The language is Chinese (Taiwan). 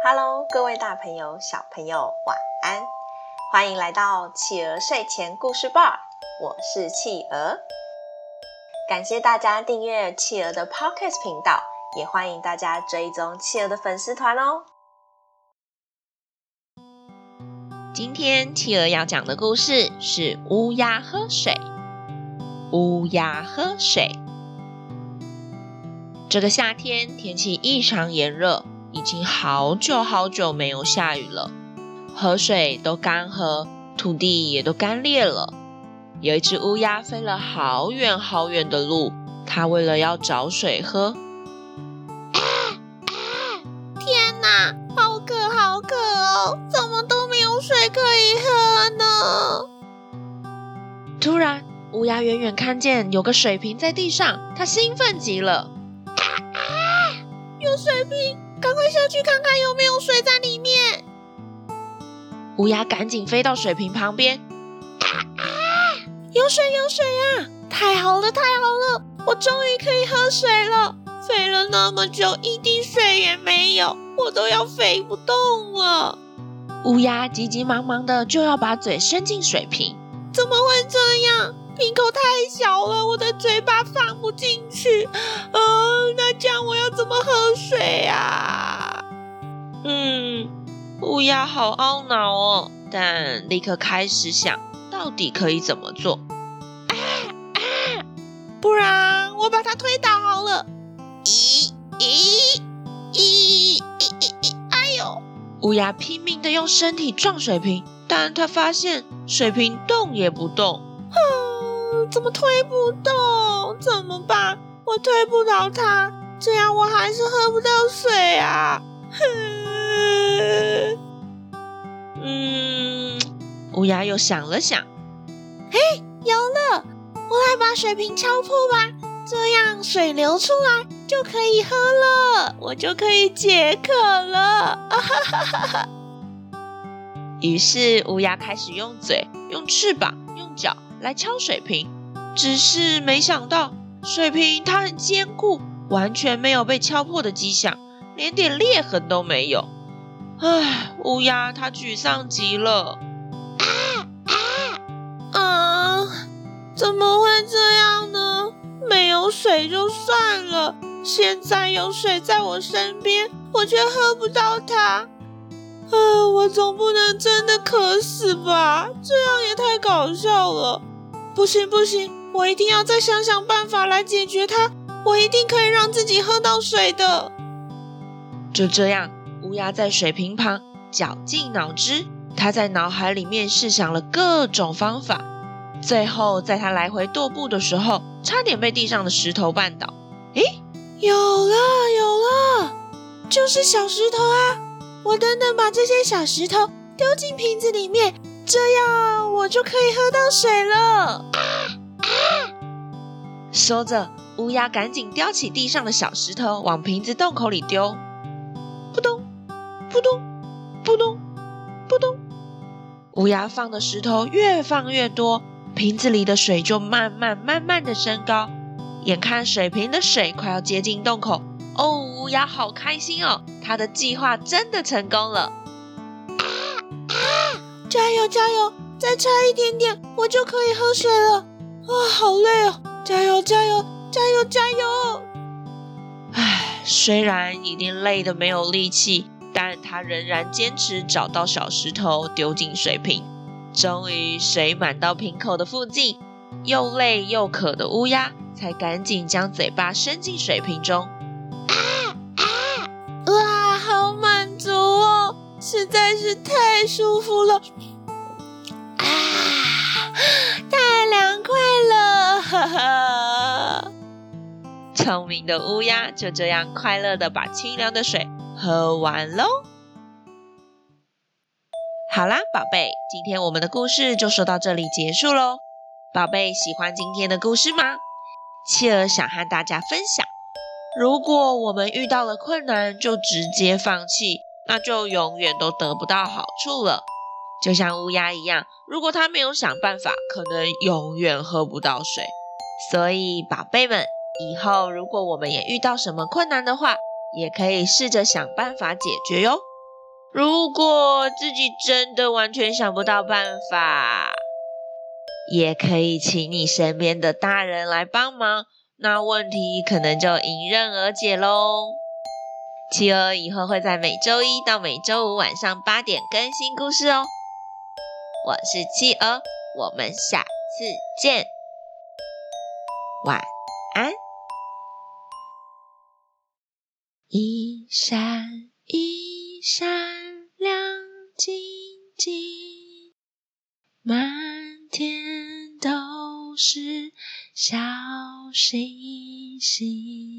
哈嘍，各位大朋友、小朋友，晚安！歡迎來到企鵝睡前故事吧。我是企鵝。感謝大家訂閱企鵝的 Podcast 頻道，也歡迎大家追蹤企鵝的粉絲團哦。今天企鵝要講的故事是烏鴉喝水。烏鴉喝水。這個夏天天氣異常炎熱。已經好久好久沒有下雨了，河水都乾涸，土地也都乾裂了。有一隻烏鴉飛了好遠好遠的路，它為了要找水喝。啊，啊，天哪，好渴好渴哦，怎麼都沒有水可以喝呢？突然，烏鴉遠遠看見有個水瓶在地上，它興奮極了。啊，啊，有水瓶！趕快下去看看有沒有水在裡面。烏鴉趕緊飛到水瓶旁邊，啊啊！有水有水呀、啊！太好了太好了，我終於可以喝水了。飛了那麼久，一滴水也沒有，我都要飛不動了。烏鴉急急忙忙的就要把嘴伸進水瓶，怎麼會這樣？瓶口太小了，我的嘴巴放不進去。嗯、呃，那這樣我……怎麼喝水呀、啊？嗯，烏鴉好懊惱哦，但立刻開始想，到底可以怎麼做？啊啊！不然我把它推倒好了！咦咦咦咦咦咦，哎呦！烏鴉拼命的用身體撞水瓶，但他發現水瓶動也不動。哼，怎麼推不動？怎麼辦？我推不倒它。這樣我還是喝不到水啊！呵呵嗯，烏鴉又想了想，嘿，有了，我來把水瓶敲破吧，這樣水流出來就可以喝了，我就可以解渴了！啊哈哈，哈，哈！於是烏鴉開始用嘴、用翅膀、用腳來敲水瓶，只是沒想到水瓶它很堅固。完全沒有被敲破的跡象，連點裂痕都沒有。唉，烏鴉它沮喪極了。啊啊啊！怎麼會這樣呢？沒有水就算了，現在有水在我身邊，我卻喝不到它。呃、啊，我總不能真的渴死吧？這樣也太搞笑了。不行不行，我一定要再想想辦法來解決它。我一定可以讓自己喝到水的。就這樣，烏鴉在水瓶旁絞盡腦汁，他在腦海裡面試想了各種方法。最後，在他來回踱步的時候，差點被地上的石頭絆倒。誒，有了有了，就是小石頭啊！我等等把這些小石頭丟進瓶子裡面，這樣我就可以喝到水了。啊啊、說着。烏鴉趕緊叼起地上的小石頭，往瓶子洞口裡丟，撲通，撲通，撲通，撲通。烏鴉放的石頭越放越多，瓶子裡的水就慢慢慢慢的升高。眼看水瓶的水快要接近洞口，哦，烏鴉好開心哦，它的計劃真的成功了！啊啊、加油加油，再差一點點，我就可以喝水了。啊，好累哦，加油加油！加油加油！加油唉，雖然已經累得沒有力氣，但他仍然堅持找到小石頭丟進水瓶。終於，水滿到瓶口的附近。又累又渴的烏鴉，才趕緊將嘴巴伸進水瓶中。啊啊！啊哇，好滿足哦，實在是太舒服了！啊，太涼快了！哈哈。聰明的烏鴉就這樣快樂地把清涼的水喝完嘍。好啦，寶貝，今天我們的故事就說到這裡結束嘍。寶貝，喜歡今天的故事嗎？企鵝想和大家分享，如果我們遇到了困難就直接放棄，那就永遠都得不到好處了。就像烏鴉一樣，如果它沒有想辦法，可能永遠喝不到水。所以，寶貝們。以後如果我們也遇到什麼困難的話，也可以試着想辦法解決喲。如果自己真的完全想不到辦法，也可以請你身邊的大人來幫忙，那問題可能就迎刃而解嘍。企鵝以後會在每周一到每周五晚上八點更新故事哦。我是企鵝，我們下次見。晚。一閃一閃亮晶晶，滿天都是小星星。